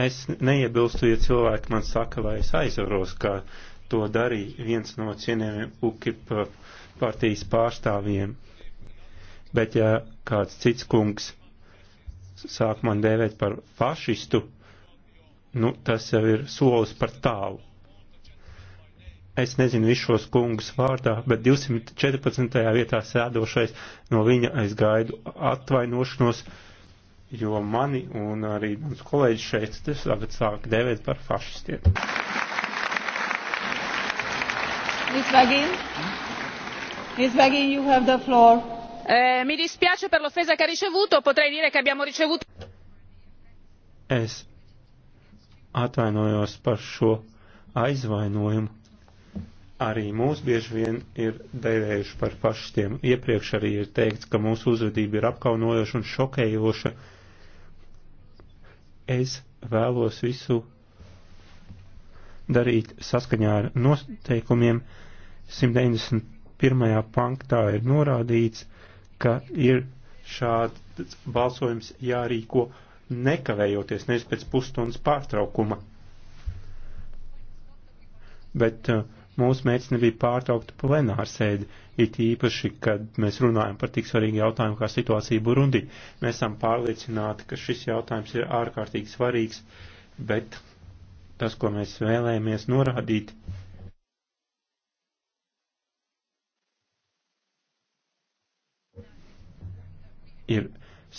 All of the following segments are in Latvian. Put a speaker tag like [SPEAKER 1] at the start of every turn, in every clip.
[SPEAKER 1] Es neiebilstu, ja cilvēki man saka, vai es aizvaros, kā to darīja viens no cienījumiem UKIP partijas pārstāvjiem. Bet ja kāds cits kungs sāk man dēvēt par fašistu, nu, tas jau ir solis par tālu. Es nezinu visu šos kungus vārdā, bet 214. vietā sēdošais no viņa es gaidu atvainošanos jo mani un arī mans kolēģis šeit tagad sāk dēvēt par fašistiem. Miss Vagin, Miss Vagin, you have the floor. Eh, mi dispiace per l'offesa che ha ricevuto, potrei dire che abbiamo ricevuto. Es atvainojos par šo aizvainojumu. Arī mūs bieži vien ir dēvējuši par fašistiem. Iepriekš arī ir teikts, ka mūsu uzvedība ir apkaunojoša un šokējoša es vēlos visu darīt saskaņā ar noteikumiem. 191. panktā ir norādīts, ka ir šāds balsojums jārīko nekavējoties, nevis pēc pusstundas pārtraukuma. Bet uh, Mūsu mērķis nebija pārtraukt plenārsēdi, it īpaši, kad mēs runājam par tik svarīgu jautājumu kā situācija Burundi. Mēs esam pārliecināti, ka šis jautājums ir ārkārtīgi svarīgs, bet tas, ko mēs vēlējamies norādīt, ir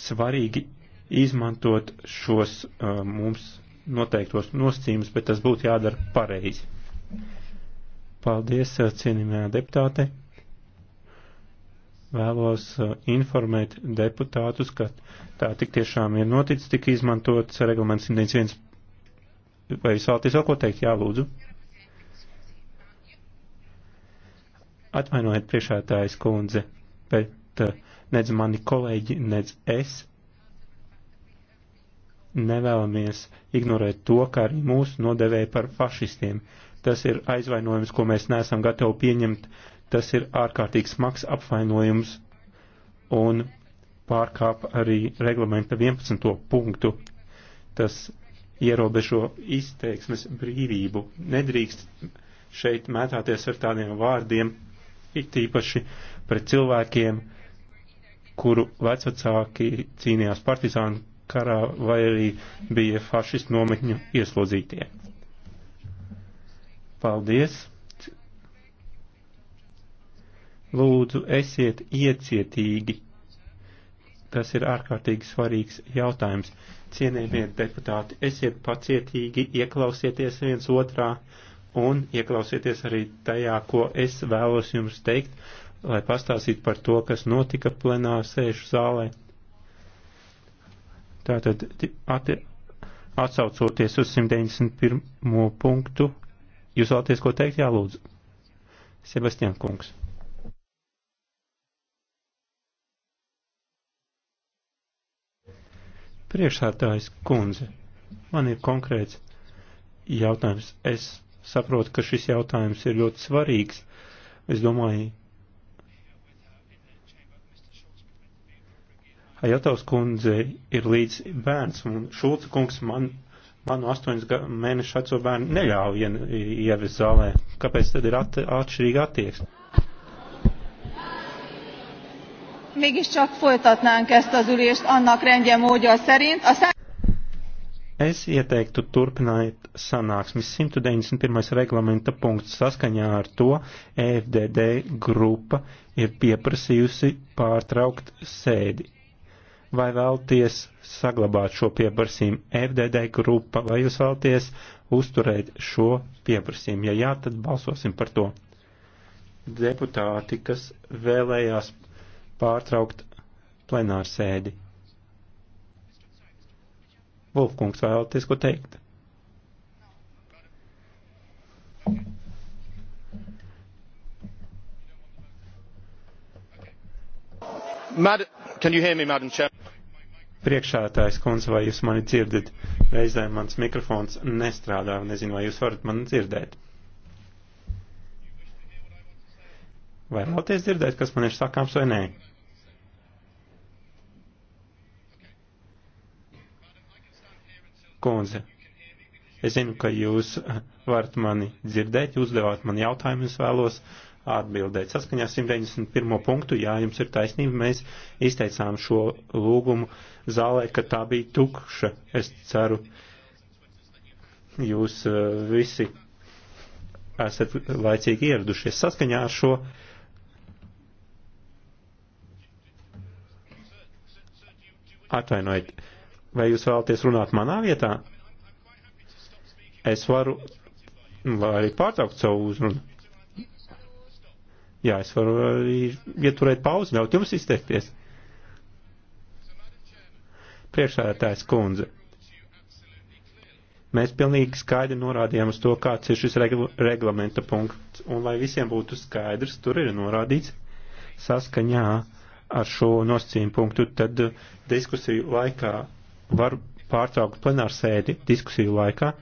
[SPEAKER 1] svarīgi izmantot šos uh, mums noteiktos nosacījumus, bet tas būtu jādara pareizi. Paldies, eh, cienījumā deputāte. Vēlos eh, informēt deputātus, ka tā tik tiešām ir noticis, tika izmantots reglaments 101. Vai jūs vēlaties vēl ko teikt? Jā, lūdzu. Atvainojiet priekšētājas kundze, bet eh, nedz mani kolēģi, nedz es nevēlamies ignorēt to, kā arī mūsu nodevēja par fašistiem. Tas ir aizvainojums, ko mēs neesam gatavi pieņemt. Tas ir ārkārtīgi smags apvainojums un pārkāp arī reglamenta 11. punktu. Tas ierobežo izteiksmes brīvību. Nedrīkst šeit mētāties ar tādiem vārdiem, it īpaši pret cilvēkiem, kuru vecvecāki cīnījās partizānu karā vai arī bija fašistu nometņu ieslodzītie. Paldies! Lūdzu, esiet iecietīgi. Tas ir ārkārtīgi svarīgs jautājums. Cienējamie deputāti, esiet pacietīgi, ieklausieties viens otrā un ieklausieties arī tajā, ko es vēlos jums teikt, lai pastāstītu par to, kas notika plenāra sēžu zālē. Tātad atsaucoties uz 191. punktu Jūs vēlaties ko teikt? Jā, lūdzu. Sebastian Kungs. Priekšsādājas kundze, man ir konkrēts jautājums. Es saprotu, ka šis jautājums ir ļoti svarīgs. Es domāju, Ajataus kundze ir līdz bērns, un Šulca kungs man man no astoņas mēnešu veco bērnu neļauj ievest zālē. Kāpēc tad ir at atšķirīga attieksme? Mégiscsak folytatnánk ezt az ülést annak rendje módja szerint. A szem... Es ieteiktu turpināt sanāksmi 191. reglamenta punkts saskaņā ar to EFDD grupa ir pieprasījusi pārtraukt sēdi vai vēlties saglabāt šo pieprasījumu. FDD grupa, vai jūs vēlties uzturēt šo pieprasījumu? Ja jā, tad balsosim par to. Deputāti, kas vēlējās pārtraukt plenāru sēdi. Vulfkungs vēlaties ko teikt? Mad Priekšētājs kundze, vai jūs mani dzirdat? Reizēm mans mikrofons nestrādā, nezinu, vai jūs varat mani dzirdēt. Vai vēlaties dzirdēt, kas man ir sakāms vai nē? Kundze, Es zinu, ka jūs varat mani dzirdēt, jūs devāt man jautājumu, es vēlos atbildēt. Saskaņā 191. punktu, jā, jums ir taisnība, mēs izteicām šo lūgumu zālē, ka tā bija tukša. Es ceru, jūs eh, visi esat laicīgi ieradušies saskaņā ar šo. Atvainojiet, vai jūs vēlaties runāt manā vietā? Es varu arī pārtraukt savu uzrunu. Jā, es varu arī ieturēt pauzi, ļaut jums izteikties. Priekšsēdētājs kundze. Mēs pilnīgi skaidri norādījām uz to, kāds ir šis regl reglamenta punkts. Un lai visiem būtu skaidrs, tur ir norādīts saskaņā ar šo nosacījumu punktu, tad diskusiju laikā var pārtraukt plenārsēdi diskusiju laikā,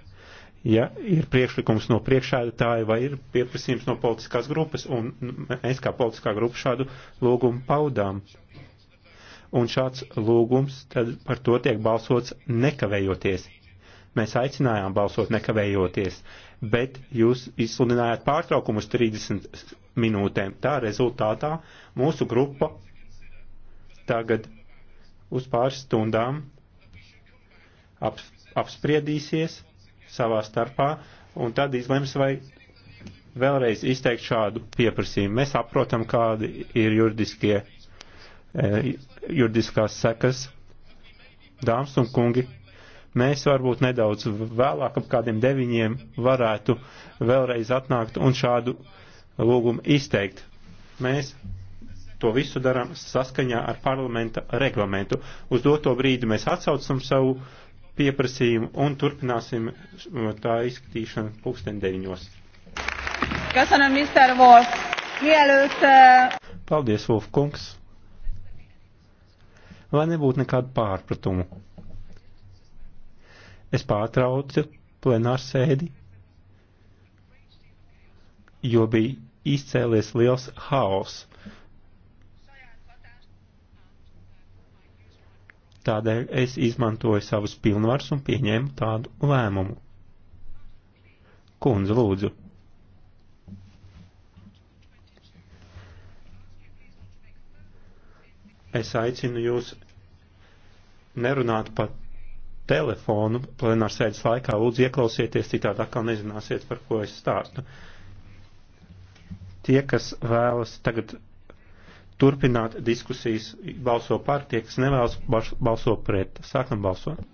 [SPEAKER 1] ja ir priekšlikums no priekšēdātāja vai ir pieprasījums no politiskās grupas, un mēs kā politiskā grupa šādu lūgumu paudām. Un šāds lūgums, tad par to tiek balsots nekavējoties. Mēs aicinājām balsot nekavējoties, bet jūs izsludinājāt pārtraukumu uz 30 minūtēm. Tā rezultātā mūsu grupa tagad uz pāris stundām ap, apspriedīsies savā starpā un tad izlems, vai vēlreiz izteikt šādu pieprasījumu. Mēs saprotam, kādi ir juridiskie, e, juridiskās sekas. Dāmas un kungi, mēs varbūt nedaudz vēlāk, ap kādiem deviņiem, varētu vēlreiz atnākt un šādu lūgumu izteikt. Mēs to visu darām saskaņā ar parlamenta reglamentu. Uz doto brīdi mēs atsaucam savu pieprasījumu un turpināsim tā izskatīšanu pulksten deviņos. Köszönöm, Mr. Wolf! Mielőtt... Paldies, Wolf kungs! Lai nebūtu nekādu pārpratumu. Es pārtraucu plenārsēdi, jo bija izcēlies liels haoss. Tādēļ es izmantoju savus pilnvars un pieņēmu tādu lēmumu. Kundze, lūdzu. Es aicinu jūs nerunāt pa telefonu plenārsēdes laikā. Lūdzu, ieklausieties, citādi atkal nezināsiet, par ko es stāstu. Tie, kas vēlas tagad turpināt diskusijas, balso par tie, kas nevēlas balso pret. Sākam balsot.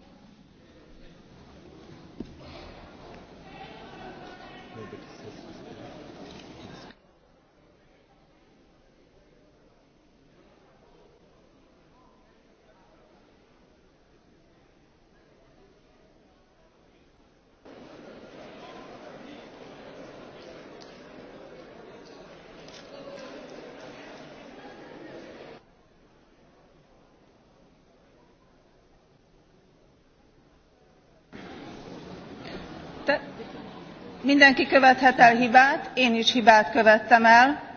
[SPEAKER 1] Mindenki követhet el hibát, én is hibát követtem el.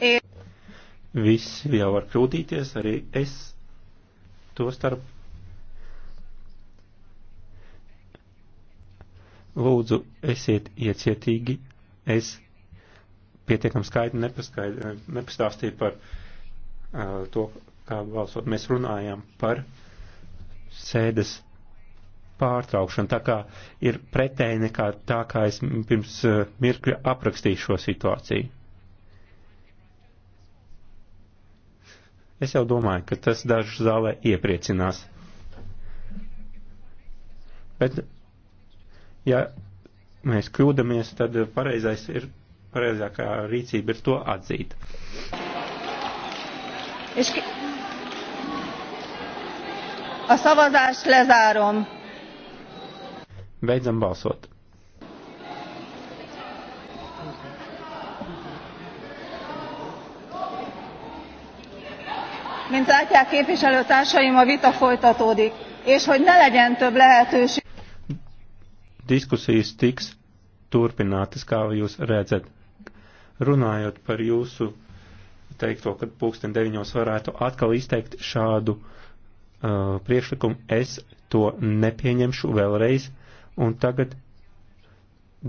[SPEAKER 1] Én... Visi jau var kļūdīties, arī es to starp. Lūdzu, esiet iecietīgi. Es pietiekam skaidri nepastāstīju par uh, to, kā balsot. Mēs runājām par sēdes pārtraukšanu, tā kā ir pretēji nekā tā, kā es pirms eh, mirkļa aprakstīju šo situāciju. Es jau domāju, ka tas dažu zālē iepriecinās. Bet, ja mēs kļūdamies, tad pareizais ir, pareizākā rīcība ir to atzīt. Es... A szavazást lezárom. Beidzam balsot. Mint látják képviselőtársaim, a vita folytatódik, és hogy ne legyen több lehetőség. Diskusijas tiks turpinātas, kā jūs redzat. Runājot par jūsu teikto, ka pulksten deviņos varētu atkal izteikt šādu uh, priekšlikumu, es to nepieņemšu vēlreiz. Un tagad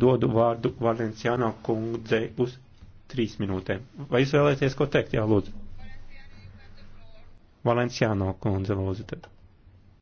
[SPEAKER 1] dodu vārdu Valenciāno kundzei uz trīs minūtēm. Vai jūs vēlēties ko teikt? Jā, lūdzu. Valenciāno kundze, lūdzu tad.